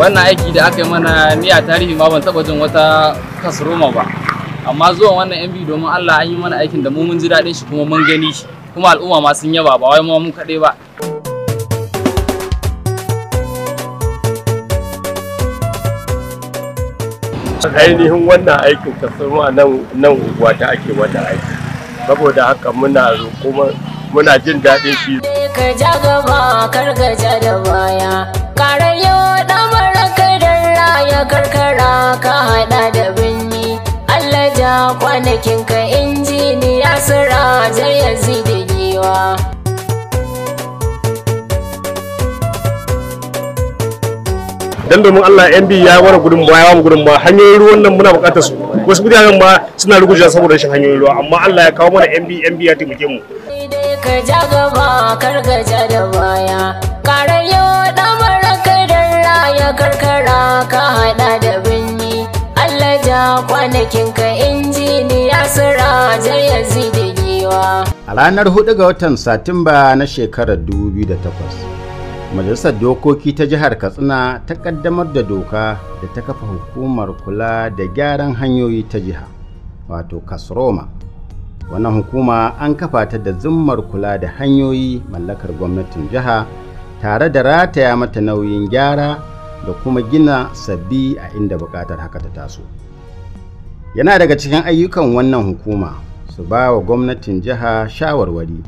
wannan aiki da aka yi mana ni a tarihi ma ban taba jin wata kasroma ba amma zuwan wannan yan biyu domin Allah an yi mana aikin da mu mun ji daɗin shi kuma mun gani shi kuma al'umma ma sun yaba ba wai ma mun kaɗai ba ainihin wannan aikin kasroma nan nan unguwa ta ake wannan aiki saboda haka muna kuma muna jin daɗin shi ka ja gaba kar ka ja da baya ƙarar yau ɗamara kadar raya ka haɗa da birni Allah ja kwanakin ka injiniya sura zai yanzu da giwa dan domin Allah MB ya wara gudun baya, ya wara gudun baya. hanyoyin ruwan nan muna buƙatar su wasu mutanen ma suna rugujewa saboda rashin hanyoyin ruwa amma Allah ya kawo mana MB MB ya taimake mu ka ja gaba kar ka ja da baya ƙarar da ɗamara da karkara ka haɗa da birni Allah ja kwanakin ka injiniya sura ya da giwa. A ranar 4 ga watan Satumba na shekarar 2008. Majalisar Dokoki ta Jihar Katsina ta ƙaddamar da doka da ta kafa hukumar kula da gyaran hanyoyi ta jiha, wato Kasroma. Wannan hukuma an kafa ta da zummar kula da hanyoyi mallakar gwamnatin jiha tare da rataya mata nauyin gyara da kuma gina sabbi a inda bukatar haka ta taso yana daga cikin ayyukan wannan hukuma su ba wa gwamnatin jiha shawarwari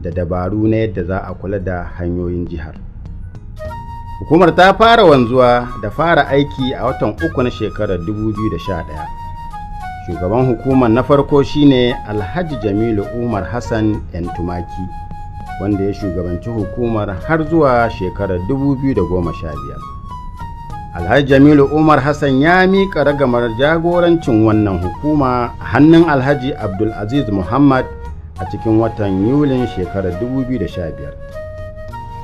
da dabaru na yadda za a kula da hanyoyin jihar hukumar ta fara wanzuwa da fara aiki a watan uku na shekarar 2011 shugaban hukumar na farko shine alhaji jamilu umar hassan yan tumaki wanda ya shugabanci hukumar har zuwa shekarar 2015 Alhaji Jamilu Umar Hassan ya mika ragamar jagorancin wannan hukuma a hannun Alhaji Abdulaziz Muhammad a cikin watan Yulin shekarar 2015.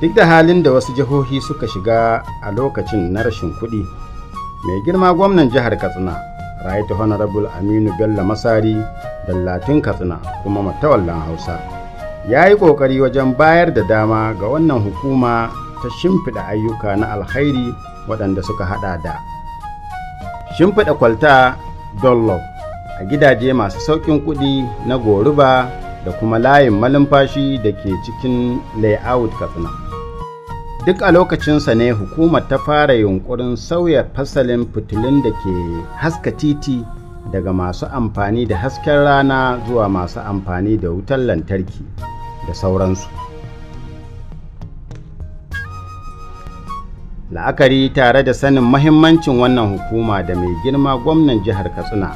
Duk da halin da wasu jihohi suka shiga a lokacin na rashin kuɗi, mai girma gwamnan jihar Katsina, Right Honorable Aminu Bello Masari, dallatin Katsina kuma matawallan Hausa, ya yi ƙoƙari wajen bayar da dama ga wannan hukuma ta shimfiɗa ayyuka na alkhairi waɗanda suka haɗa da shimfiɗa kwalta dollop a gidaje masu sauƙin kuɗi na goruba da kuma layin malumfashi da ke cikin layout katsina duk a lokacinsa ne hukumar ta fara yunkurin sauya fasalin fitilun da ke haska titi daga masu amfani da hasken rana zuwa masu amfani da wutar lantarki da sauransu la'akari tare da sanin mahimmancin wannan hukuma da mai girma gwamnan jihar katsina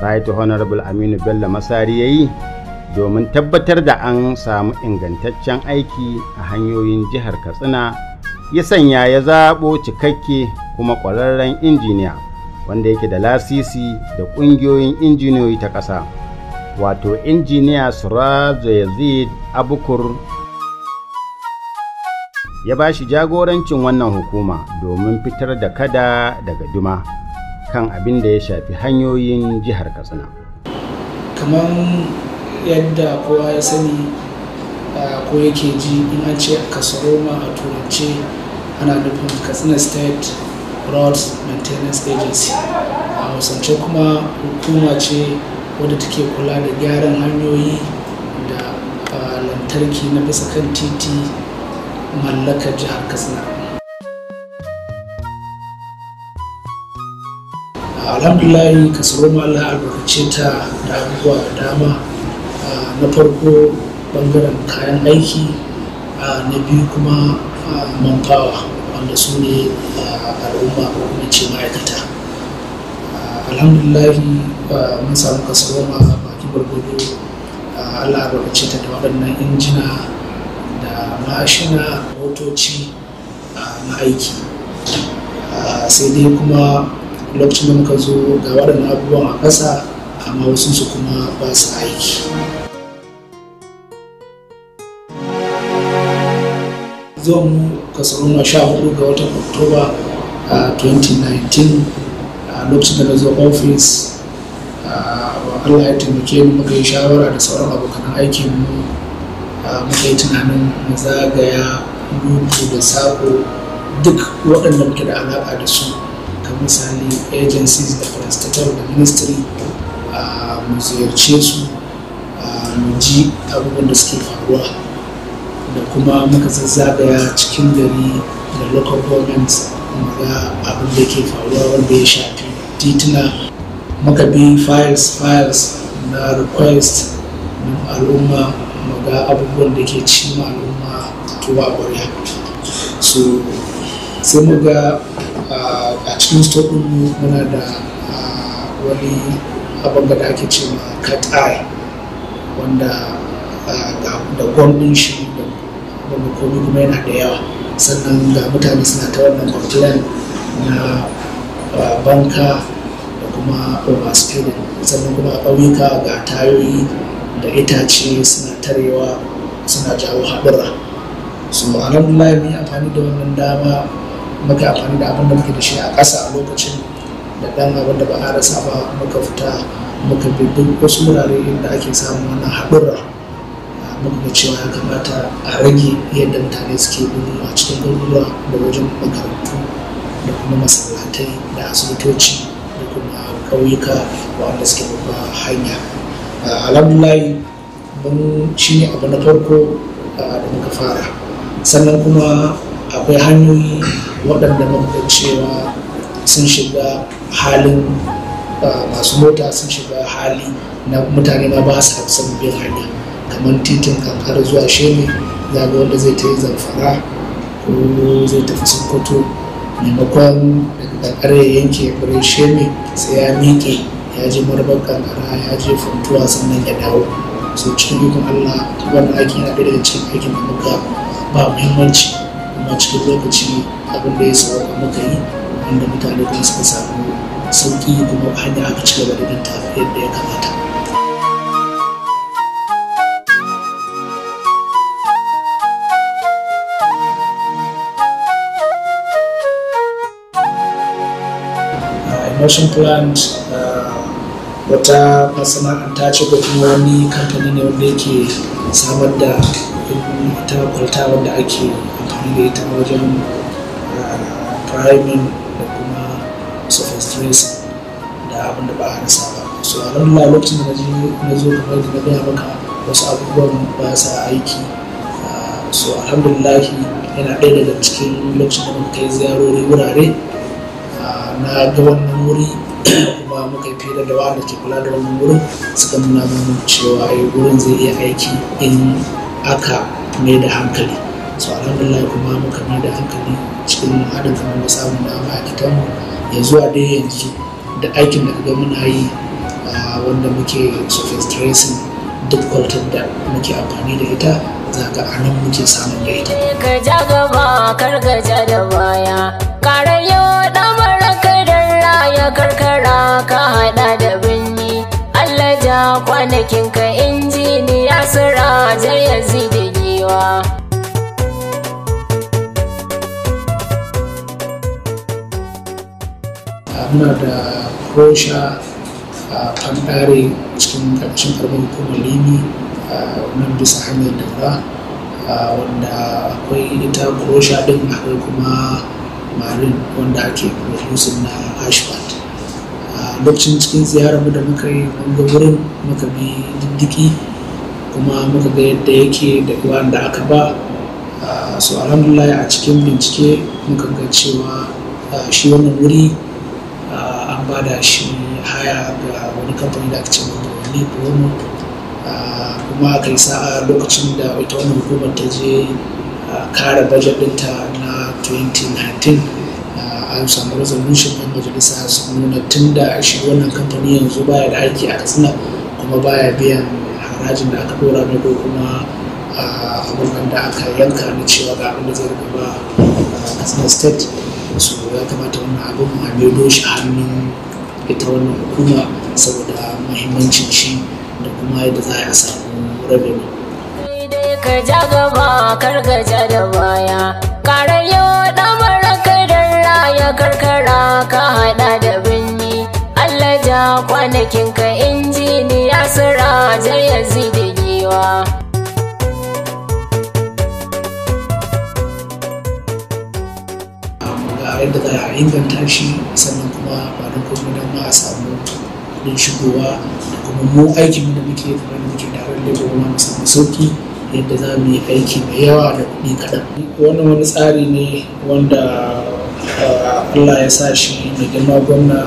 right honorable aminu bello masari ya yi domin tabbatar da an samu ingantaccen aiki a hanyoyin jihar katsina ya sanya ya zaɓo cikakke kuma ƙwararren injiniya wanda yake da lasisi da ƙungiyoyin injiniyoyi ta ƙasa wato injiniya surazo yazid abukur ya ba shi jagorancin wannan hukuma domin fitar da kada daga duma kan abin da ya shafi hanyoyin jihar katsina kamar yadda kowa ya sani ko yake ji in an ce kasaroma a turance ana nufin katsina state road maintenance agency a wasance kuma hukuma ce wadda take kula da gyaran hanyoyi da lantarki na bisa kan titi mallakar jihar katsina alhamdulahi kasaroma allah albarkace ta da abubuwa da dama na farko bangaren kayan aiki na biyu kuma manfawa wanda su ne al'umma ko kuma ce ma'aikata alhamdulahi mun samu kasaroma baki barbado allah albarkace ta da waɗannan injina mashina motoci na aiki sai dai kuma lokacin da muka zo ga waɗannan abubuwan a ƙasa amma wasu su kuma ba su aiki zuwan mu kasarun sha hudu ga watan oktoba 2019 lokacin da na zo ofis Allah ya taimake mu muka yi shawara da sauran abokan aikin mu muka yi tunanin mu zagaya lungu da sako duk waɗannan muke da alaƙa da su kamar misali agencies da parastatal da ministry mu ziyarce su mu ji abubuwan da suke faruwa da kuma muka zazzagaya cikin gari da local government mu ga abin da ke faruwa wanda ya shafi titina. muka bi files files na request al'umma mu ga abubuwan da ke ci al'umma tuwa ƙwarya so sai mu ga a cikin stokin muna da wani abin da ake ce ma katai wanda da gwamnin shi da wanda komi kuma yana da yawa sannan ga mutane suna ta wannan complain na banka da kuma overspeeding sannan kuma a ƙauyuka ga tayoyi da itace suna tarewa suna jawo haɗura su ma'anar mun yi amfani da wannan dama muka amfani da abin da muke da shi a ƙasa a lokacin da ɗan abin da ba a rasa ba muka fita muka bi duk wasu wurare inda ake samun wannan haɗura muka ga cewa ya kamata a rage yadda mutane suke gudu a cikin garuruwa da wajen makarantu da kuma masallatai da asibitoci da kuma ƙauyuka wanda suke babba hanya Uh, alhamdulahi mun shi ne abu na farko uh, da muka fara sannan kuma akwai hanyoyi waɗanda muka cewa sun shiga halin uh, masu mota sun shiga hali na mutane ma ba su sabbin bin hanya kamar titin kankara zuwa shemi za ga wanda zai ta yi zamfara ko zai tafi sokoto maimakon daga kankara yanke ya shemi sai ya miƙe ya ji marbar kankara ya je funtuwa sannan ya dawo so cikin dukkan allah wannan aiki yana daga cikin aikin da muka ba muhimmanci amma cikin lokaci abin da ya sauka muka yi inda mutane kuma suka samu Sauki, kuma hanya aka ci gaba da bin yadda ya kamata motion plant uh, wata masana'anta ce ko kuma wani kamfani ne wanda yake samar da ita kwalta wanda ake amfani da ita wajen uh, priming da kuma surface da abin da ba a rasa ba so a ran lokacin da na zo kamar da na gaya maka wasu abubuwan ba sa aiki uh, so alhamdulillahi yana ɗaya daga cikin lokacin da muka kai ziyarori wurare na ga wannan wuri kuma muka yi fira da wanda ke kula da wannan wurin suka nuna cewa ai eh, wurin zai iya aiki in aka mai da hankali so alhamdulillah kuma muka mai da hankali cikin haɗin kamar da samun na mu ya zuwa dai yanzu da aikin da kaga muna yi wanda muke surface tracing duk kwalitar da muke amfani da ita za ga anan muke samun da ita. Ka ja kar da baya muna da rosha a ɓangare cikin ƙarshen ƙarfin hukumar limi nan bisa hanyar da ba wanda akwai ita rosha din akwai kuma marin wanda ake producing na ashford lokacin cikin mu da muka yi ga wurin muka bi diddiki kuma muka ga yadda yake da da aka ba so alhamdulillah a cikin bincike muka ga cewa shi wannan wuri ba da shi haya ga wani kamfani da aka ce ne promo ah, kuma aka yi sa'a lokacin da ita wani hukumar ta je ah, kare bajet ɗinta na 2019 ah, an samu resolution ɗin majalisa su nuna tun da shi wannan kamfani yanzu baya da aiki a katsina kuma baya biyan harajin da aka dora na ko kuma abin da aka yanka na cewa ga abin da zai ba katsina state so ya kamata wani abin a maido shi hannun ita wannan hukuma saboda mahimmancin shi da kuma yadda za a samu rabin ka ja gaba kar ka da baya ƙarar yau da birni Allah kwanakin ka injiniya sura zai yanzu da giwa yadda za a inganta shi sannan kuma ba da kuma don ma a samu kudin shigowa da kuma mu aikin da muke kamar da muke tare da goma mu samu yadda za mu yi aiki mai yawa da kuɗi kaɗan wannan wani tsari ne wanda eh, Allah ya sa shi mai girma gwamna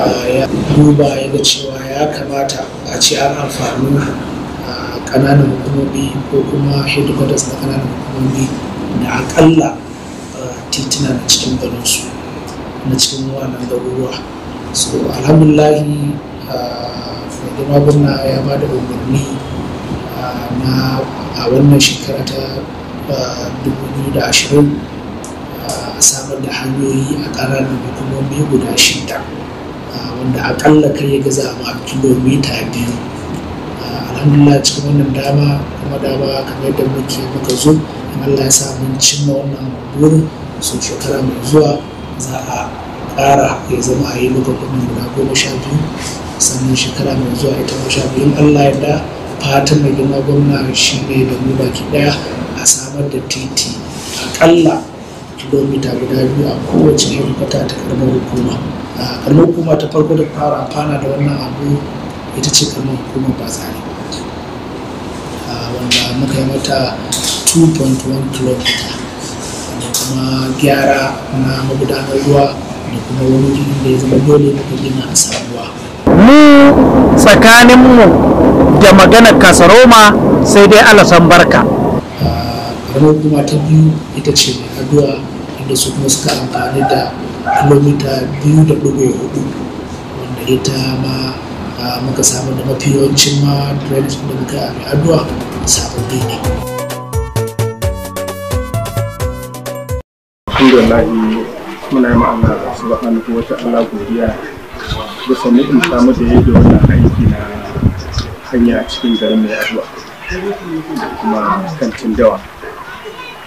eh, ya duba ya ga cewa ya kamata a ce an amfani eh, ƙananan hukumomi ko kuma headquarters na ƙananan hukumomi da aƙalla tituna na cikin garinsu na cikin wannan garuruwa so alhamdulahi ah, a girma gwamna ya ba da umarni ah, a wannan shekara ta 2020 ah, a samar da hanyoyi a ƙananan hukumomi guda shida wanda akalla kai ya gaza ma kilomita biyu alhamdulillah cikin wannan dama kuma dama kamar da muke muka zo in allah ya sa mun cimma wannan burin so shekara mai zuwa za a ƙara ya zama a yi maka kudin guda goma sha biyu sannan shekara mai zuwa ita ma sha biyu allah yadda fatan mai girma gwamna shi ne da mu baki ɗaya a samar da titi aƙalla kilomita guda biyu a kowace yankuta ta karamar hukuma karamar hukuma ta farko da fara fana da wannan abu ita ce karamar hukumar bazari wanda muka yi mata 2.1 kilomita kuma gyara na magudanar ruwa da kuma wani gini da ya zama dole da gina a sabuwa. mu tsakaninmu da maganar kasaroma sai dai alasan barka. kamar kuma ta biyu ita ce mai addu'a inda su kuma suka amfani da kilomita biyu da dubu ya hudu wanda ita ma muka samu da mafi yawancin ma da muka yi sabon sababbi ne. alhamdulillah muna yi ma'ana subhanahu wa allah godiya da sannu in samu da yadda wannan aiki na hanya a cikin garin mai abuwa kuma kantin dawa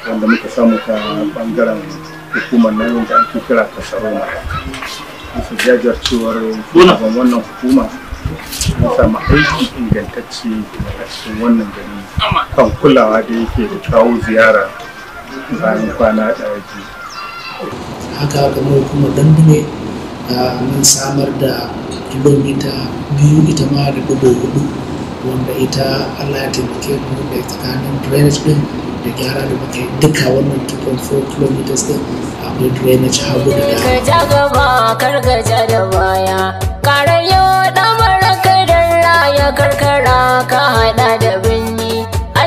wanda muka samu ta bangaren hukumar nan da ake kira ta sarona bisa jajarcewar shugaban wannan hukuma an samu aiki ingantacce a cikin wannan gari kan kulawa da yake da kawo ziyara bayan kwana ɗaya biyu haka kamar kuma a mun samar da kilomita biyu ita ma da dubu hudu wanda ita allah ya taimake mu da tsakanin drainage din da gyara da muka yi duka wannan 2.4 km din akwai drainage hagu da dama. Kargaja gaba, kargaja da baya, karar yau ɗamara kai don raya karkara ka haɗa da birni.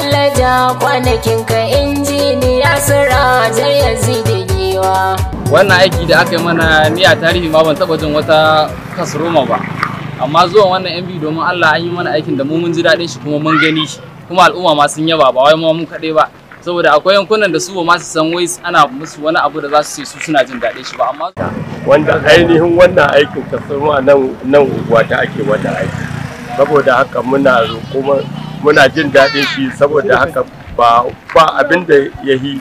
Allah ja kwanakin ka injiniya sura zai yazi da giwa. wannan aiki da aka yi mana ni a tarihi ma ban taba jin wata kasroma ba amma zuwan wannan yan domin Allah an yi mana aikin da mu mun ji daɗin shi kuma mun gani shi kuma al'umma ma sun yaba ba wai ma mun kaɗai ba saboda akwai yankunan da su ba ma su san wai ana musu wani abu da za su ce su suna jin daɗin shi ba amma wanda ainihin wannan aikin kasroma nan nan unguwa ta ake wannan aiki saboda haka muna kuma muna jin daɗin shi saboda haka ba ba abin da yahi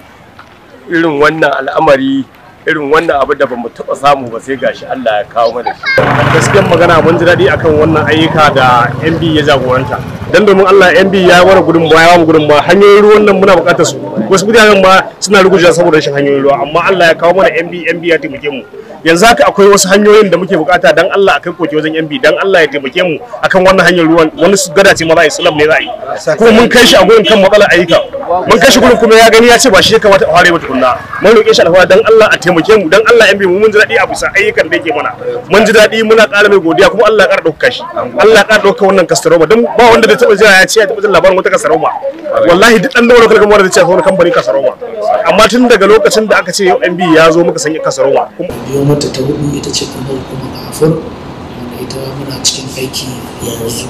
irin wannan al'amari irin wannan abu da bamu taba samu ba sai gashi Allah ya kawo mana gaskiyar magana mun ji daɗi akan wannan ayyuka da MB ya jagoranta dan domin Allah MB ya wani gudun ba ya wani gudun ba hanyoyin ruwan nan muna buƙatar su wasu mutanen ma suna rugujewa saboda rashin hanyoyin ruwa amma Allah ya kawo mana MB MB ya taimake mu yanzu haka akwai wasu hanyoyin da muke bukata dan Allah a kai koke wajen MB dan Allah ya taimake mu akan wannan hanyar ruwan wani gada ce ma za a yi sulam ne za a yi kuma mun kai shi a gurin kan matsalar ayyuka mun kashi gurin kuma ya gani ya ce ba shi ya kamata a ware mu tukunna mun roƙe shi alfahari dan Allah a taimake mu dan Allah yan bi mu mun ji daɗi a bisa ayyukan da yake mana mun ji daɗi muna ƙara mai godiya kuma Allah ya ƙara ɗauka shi Allah ya ƙara ɗauka wannan kasaroma dan ba wanda da taɓa jira ya ce ya taɓa jin labarin wata kasaroma wallahi duk dan dawo kalkan wanda zai ce wani kamfanin kasaroma amma tun daga lokacin da aka ce yau MB ya zo muka sanya kasaroma yau mata ta hudu ita ce kuma kuma kafin ita muna cikin aiki yanzu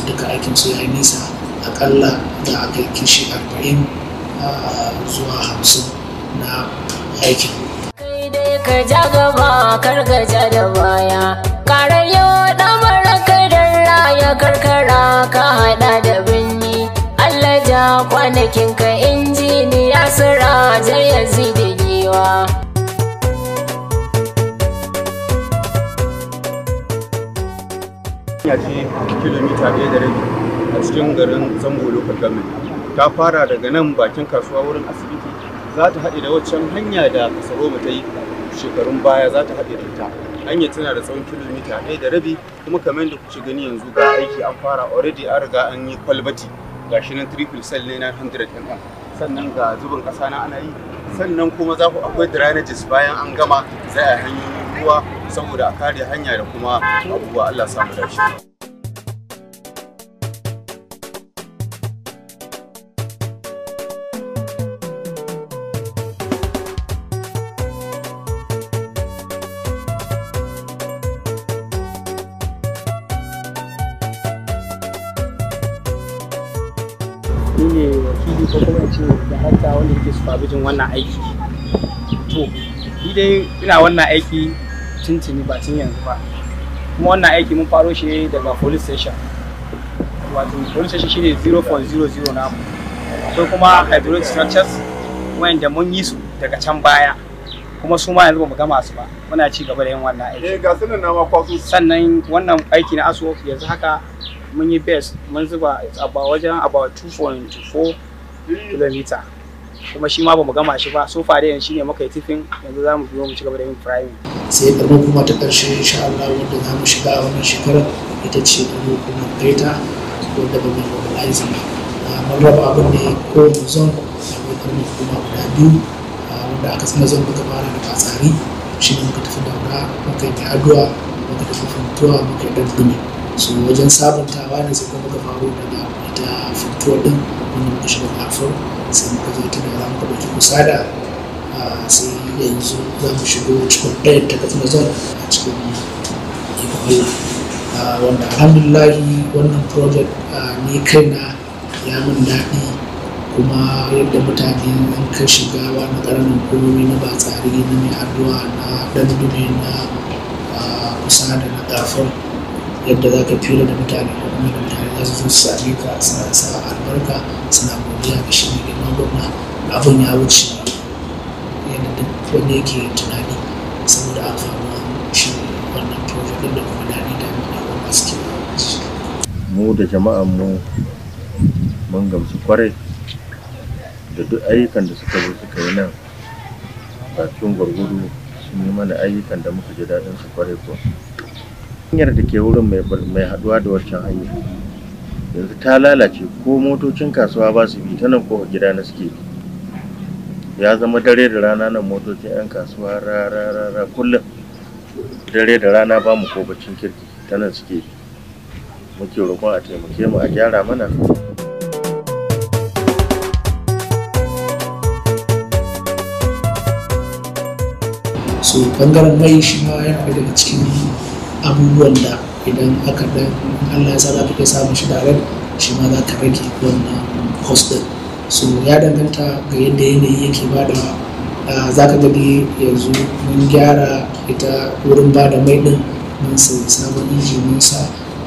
su duka aikin su ya nisa akalla za a kai kishi arba'in zuwa hamsin na aikin kai dai ka ja gaba kar ka ja da baya karar yau ɗamara kadar raya karkara ka haɗa da birni allah ja kwanakin ka injiniya sura zai yazi da giwa kilomita ɗaya da rabi a cikin garin zango local ta fara daga nan bakin kasuwa wurin asibiti za ta haɗe da waccan hanya da kasaroma ta yi shekarun baya za ta haɗe da ita hanya tana da tsawon kilomita ɗaya da rabi kuma kamar yadda kuke gani yanzu ga aiki an fara already an riga an yi kwalbati gashi nan triple cell ne na mm sannan ga zubin ƙasa na ana yi sannan kuma za ku akwai drainages bayan an gama za a hanyoyin ruwa saboda a kare hanya da kuma abubuwa Allah samu shi. babijin wannan aiki to ni dai ina wannan aiki tuntuni ba tun yanzu ba kuma wannan aiki mun faro shi daga police station wato police station shine 0.00 namu akwai kuma hydraulic structures wayanda mun yi su daga can baya kuma su ma yanzu ba mu gama su ba muna ci gaba da yin wannan aiki eh ga sanin na ma sannan wannan aiki na aso yanzu haka mun yi best mun zuba about wajen about 2.4 kilomita kuma shi ma bamu gama shi ba so fare yanzu shine muka yi tifin yanzu zamu biyo mu ci gaba da yin priming sai karbo kuma ta karshe insha Allah wanda za mu shiga a wannan shekarar ita ce karbo kuma beta wanda ba mu mobilize ba ah, mun raba abin da ko mu zon akwai karbo kuma guda biyu ah, wanda aka san zan ka fara da tsari shi ne muka tafi daura muka yi addu'a muka tafi tuwa muka yi dabbini so wajen sabuntawa ne sai kuma muka faru da ita funtuwa din wanda muka shiga kafin sai muka zo da za mu musada sai yanzu za mu shigo cikin ɗaya ta katsina zon a cikin ikon Allah wanda alhamdulillahi wannan project ni kaina ya min daɗi kuma yadda mutane an kai shiga na ƙaramin komai na batsari na mai addu'a na dubi na kusa da na gafar yadda za ka fira da mutane ko kuma mutane za su zo su sami ka suna sa albarka suna godiya ga shi mai girma gwamna abin ya wuce yana duk wanda yake tunani saboda amfanin shi wannan project da kuma dani da mutane masu ke mu da jama'an mu mun gamsu kwarai da duk ayyukan da suka zo suka yi nan bakin gwargwado sun yi mana ayyukan da muka ji daɗin su kwarai kuwa hanyar da ke wurin mai haduwa da waccan hanya yanzu ta lalace ko motocin kasuwa ba su bi ta nan kofar gida na suke bi ya zama dare da rana nan motocin 'yan kasuwa rararara kullum dare da rana ba mu ko bacin kirki ta nan suke bi muke roƙon a taimake mu a gyara mana su bangaren mai shi ma yana daga cikin abubuwan da idan aka dan Allah ya sa za ka iya samun shi da shi ma za ka rage wannan cost din so ya danganta ga yadda yanayi yake da za ka gani yanzu mun gyara ita wurin bada mai din mun sai samun inji mun sa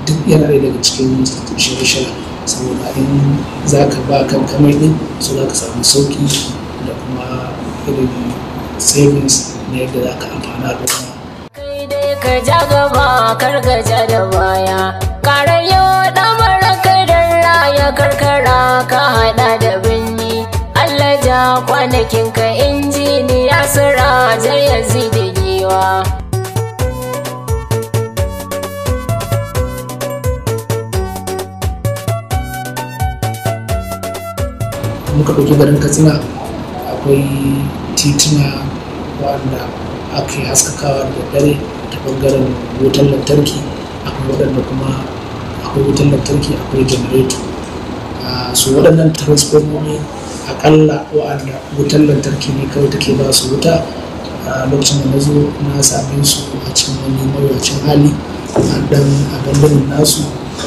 duk yana ɗaya daga cikin shirye-shirye saboda in za ka ba kanka mai din so za ka samu sauki da kuma irin savings na yadda za ka amfana da ka ja gaba kar ka ja da baya ƙara yau ɗamara kai don raya karkara ka haɗa da birni Allah ja kwanakin ka injiniya sura zai yanzu da giwa muka ɗauki garin katsina akwai tituna wanda ake haskakawa da dare bangaren wutan lantarki akwai waɗanda kuma akwai wutan lantarki akwai janareto ah, su waɗannan transformomi akalla wa'anda wutan lantarki ne kawai take ba su wuta a lokacin da na zo na same su a cikin wani mawuyacin hali a dan abandon nasu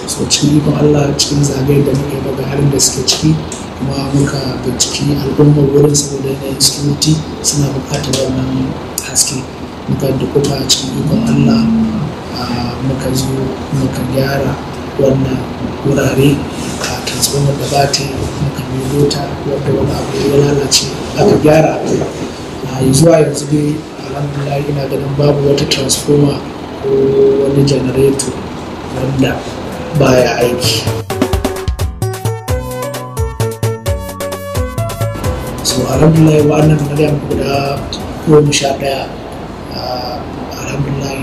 so cikin ikon allah cikin zagaye da muke ga halin da suke ciki kuma muka binciki al'ummar wurin saboda yanayin security suna bukatar wannan haske muka dukuta a cikin ikon allah muka zo muka gyara wannan wurare a transformer da ba ta muka yi ta wadda wani abu ya lalace aka gyara a zuwa yanzu dai alhamdulillah ina ganin babu wata transformer ko wani janareto wanda baya aiki so alhamdulillah wa'annan miliyan guda goma sha ɗaya alhamdulillah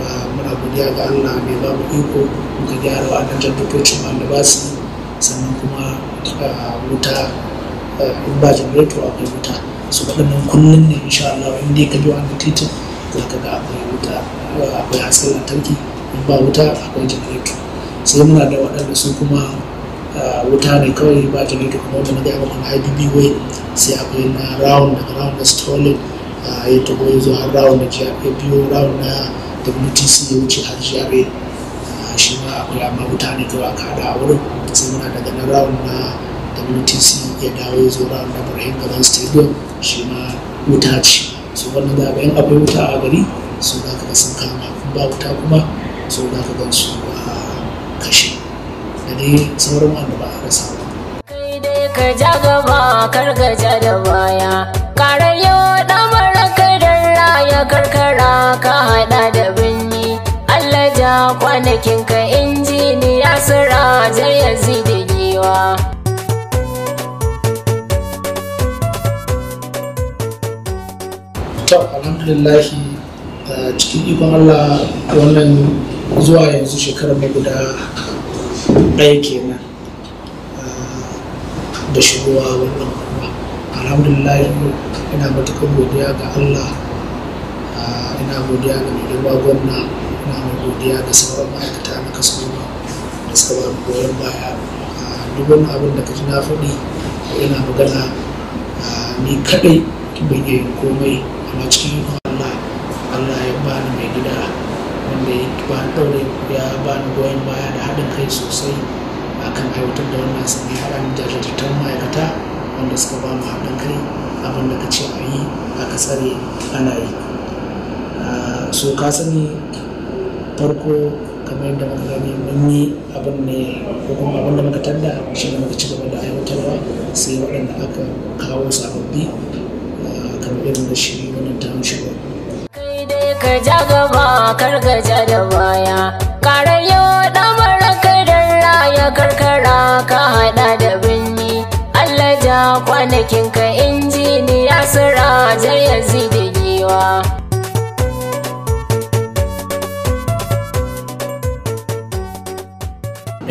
eh, muna godiya ga allah mai ba mu iko muka gyara wa'annan tabbacin albasu sannan kuma eh, wuta eh, in ba janareto akwai wuta su waɗannan kullum ne insha allah in dai ka bi wani titin za ka ga akwai wuta akwai hasken lantarki in ba wuta akwai janareto sai muna da waɗanda su kuma wuta ne kawai ba janareto kuma wanda na gaya maka na ibb way sai akwai na round daga round da stolen Ah, ya to ya zo har rawun na jihar ya biyo rawun na wtc ya wuce har jihar shi ma akwai amma mutane kawai aka kada a wurin sai muna daga na rawun na wtc ya dawo ya zo rawun na burhin gaban stadium shi ma wuta ce so wannan da bayan akwai wuta a gari so za ka ga sun kama ba wuta kuma so za ka gansu ah, kashi a kashe da dai sauran wanda ba a rasa ba. Kai dai ka ja gaba kar ka ja da baya ƙarar kwanakin ka injiniya sura zai yanzu da giwa to alhamdulillahi cikin ikon allah wannan zuwa yanzu shekarar mai guda ɗaya kenan da shigowa wannan kuma alhamdulillahi ina matuƙar godiya ga allah ina godiya ga mai gwamna muna godiya da sauran ma'aikata na kasuwa da suka ba goyon baya duk wani abin da ka ji na faɗi yana magana ni kaɗai ban iya yin komai amma cikin Allah Allah ya ba ni mai gida wanda ya ba ɗaure ya ba ni goyon baya da haɗin kai sosai akan aiwatar da wannan sani haɗa ni jajirtattan ma'aikata wanda suka ba mu haɗin kai abin da ka ce a yi aka tsare ana yi so ka sani farko kamar yadda muka gani mun yi abin ne ko kuma abin da muka tanda shi ne muka ci gaba da aiwatarwa sai waɗanda aka kawo sababbi kamar irin da shi wannan ta hanshi ba. kai dai ka ja gaba kar ka ja da baya ƙarar yau mara kai da raya karkara ka haɗa da binni. allah ja kwanakin ka injiniya sura zai yanzu da giwa.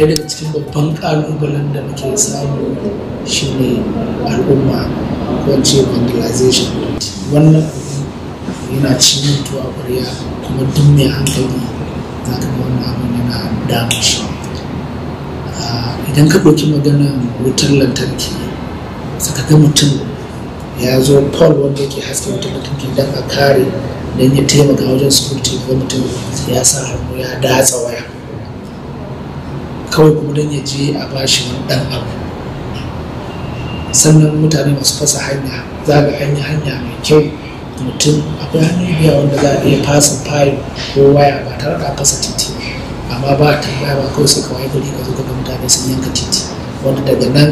ɗaya daga cikin babban ƙalubalen da muke samu shi ne al'umma ko ce vandalization wannan abu yana ci mutu a ƙwarya kuma duk mai hankali za ka ga wannan abin yana damun ah, idan ka ɗauki magana wutar lantarki saka ga mutum ya zo paul wanda yake haske wutar lantarki don a kare don ya taimaka wajen security ga mutum ya sa hannu ya datsa waya kawai kuma don ya je a bashi wani ɗan abu sannan mutane masu fasa hanya za ga hanya hanya mai kyau mutum akwai hanyar biya wanda za a iya fasa fayo ko waya ba tare da fasa titi amma ba ta yi ba kawai sai kawai gari ka zo ga mutane sun yanka titi wanda daga nan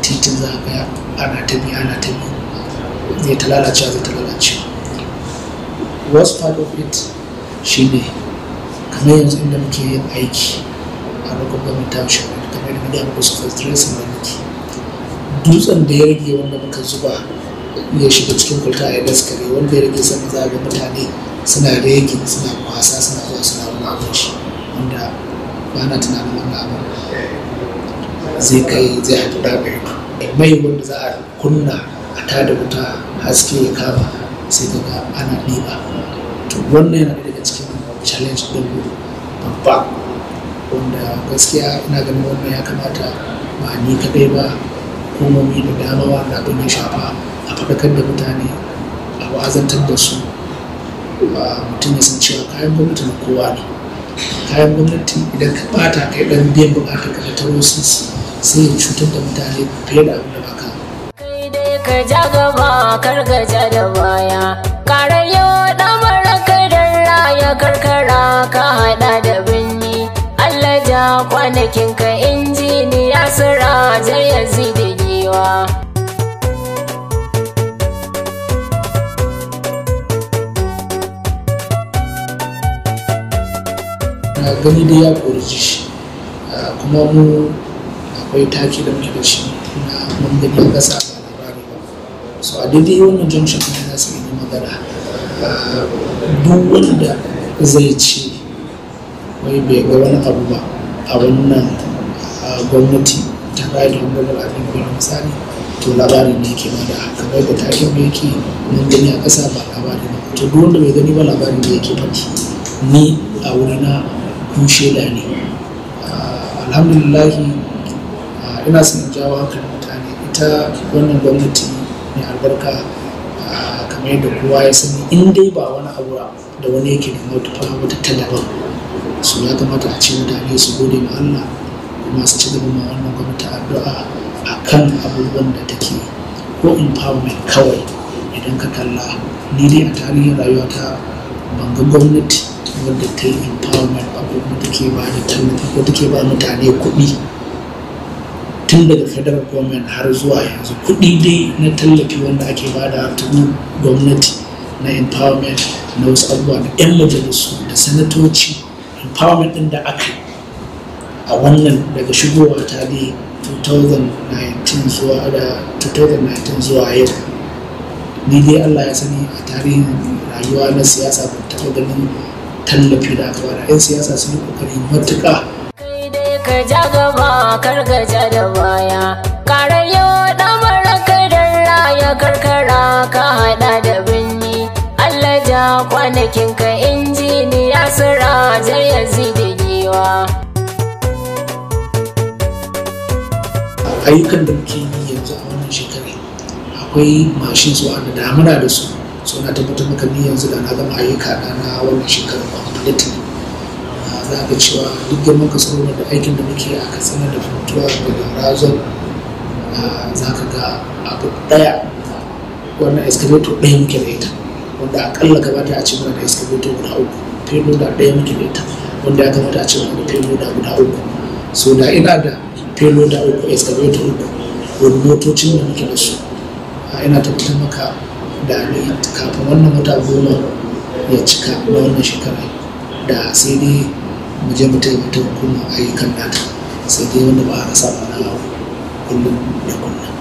titin za a ga ana ta biya ana ta biya zai ta lalacewa zai ta lalace worst part of it shine kamar yanzu inda muke yin aiki a local government kamar yadda gaya muku suka zira maliki dutsen da ya rage wanda muka zuba ya shiga cikin kulta a yadda suka wanda ya rage sama za a ga mutane suna rage. suna kwasa suna zuwa suna wani abin shi wanda ba na tunanin wannan abin zai kai zai haɗu da mai mai wanda za a kunna a tada wuta haske ya kama sai kaga ana ɗiba to wannan yana daga cikin challenge ɗin babba wanda gaskiya ina ganin wannan ya kamata ba ni kadai ba hukumomi da dama wanda abin ya shafa a faɗakar da mutane a wazantar da su ba mutum ya san cewa kayan gwamnati na kowa ne kayan gwamnati idan ka bata kai dan biyan bukatar ka ta wasu sai ya cutar da mutane fiye da abin da ba kai dai ka ja gaba kar ka ja da baya da mara kai dan raya karkara ka hada da kwanakin ka injiniya zai yanzu da giwa na gani da ya ƙorji shi kuma mu akwai taki da muke da shi na mun gani a ƙasa ba labari ba so a daidai wannan junction ne na su yi magana duk wanda zai ce wai bai ga wani abu ba a wannan gwamnati ta bayar da wani abin misali to labarin ne ke bada kamar da taken da yake nan gani a ƙasa ba labarin ba to duk wanda bai gani ba labarin da yake ba ni a wurina kushe da ne alhamdulillahi ina son jawo hankalin mutane ita wannan gwamnati mai albarka kamar yadda kowa ya sani in dai ba wani abu da wani yake da mutu wata ta daban Su ya kamata a ce mutane su gode ma Allah kuma su ci gaba ma wannan gwamnati addu'a a kan abubuwan da take ko empowerment kawai idan ka kalla ni dai a tarihin rayuwata ban ga gwamnati wadda ta yi empowerment ba ko take ba da tallafi ko take ba mutane kuɗi tun daga federal government har zuwa yanzu kuɗi dai na tallafi wanda ake ba da gwamnati na empowerment na wasu abubuwa da 'yan majalisu da sanatoci empowerment ɗin da aka a wannan daga shigowa ta dai 2019 zuwa da 2019 zuwa yau ni dai allah ya sani a tarihin rayuwa na siyasa ban taɓa ganin tallafi da aka bada 'yan siyasa sun yi ƙoƙari matuƙa kai dai ka ja gaba kar ka ja da baya ƙarar yau ɗamara kai don raya karkara ka haɗa da binni allah ja kwanakin kai ayyukan da muke yi yanzu a wannan shekarar akwai mashin su da damuna da su so na tabbatar maka ni yanzu da na gama ayyuka na na wannan shekarar completely ah, za ka cewa duk girman ka saboda da aikin da muke a katsina da fituwa da razon ah, za ka ga abu daya wannan excavator ɗaya muke da ita wanda akalla gabata a ce muna da excavator guda uku da ɗaya muke da ita wanda ya kamata a ce muna da guda uku so da ina da felo da uku excavator uku wani motocin da muke da su ina tabbatar maka da kafin wannan wata goma ya cika na wannan shekara da sai dai mu je mu taimaka hukumar ayyukan nata sai dai wanda ba a samu ba na kullum da kullum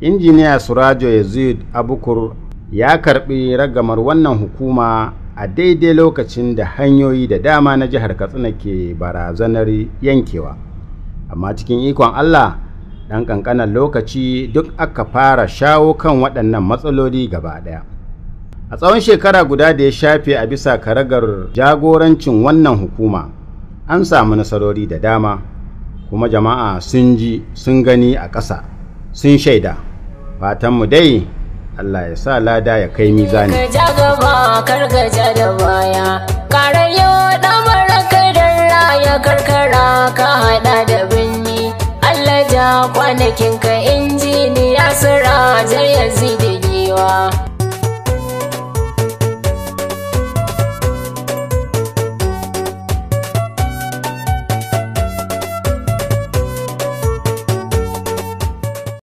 injiniya surajo yazid abukur ya karbi ragamar wannan hukuma a daidai lokacin da hanyoyi da dama na jihar katsina ke barazanar yankewa amma cikin ikon Allah ɗan ƙanƙanan lokaci duk aka fara shawo kan waɗannan matsaloli gaba ɗaya a tsawon shekara guda da ya shafe a bisa karagar jagorancin wannan hukuma an samu nasarori da dama kuma jama'a sun ji sun gani a ƙasa sun shaida fatanmu dai Allah ya sa lada ya kai mizani. Kargaja gaba, da kwanakin ka injiniya sura zai yanzu da giwa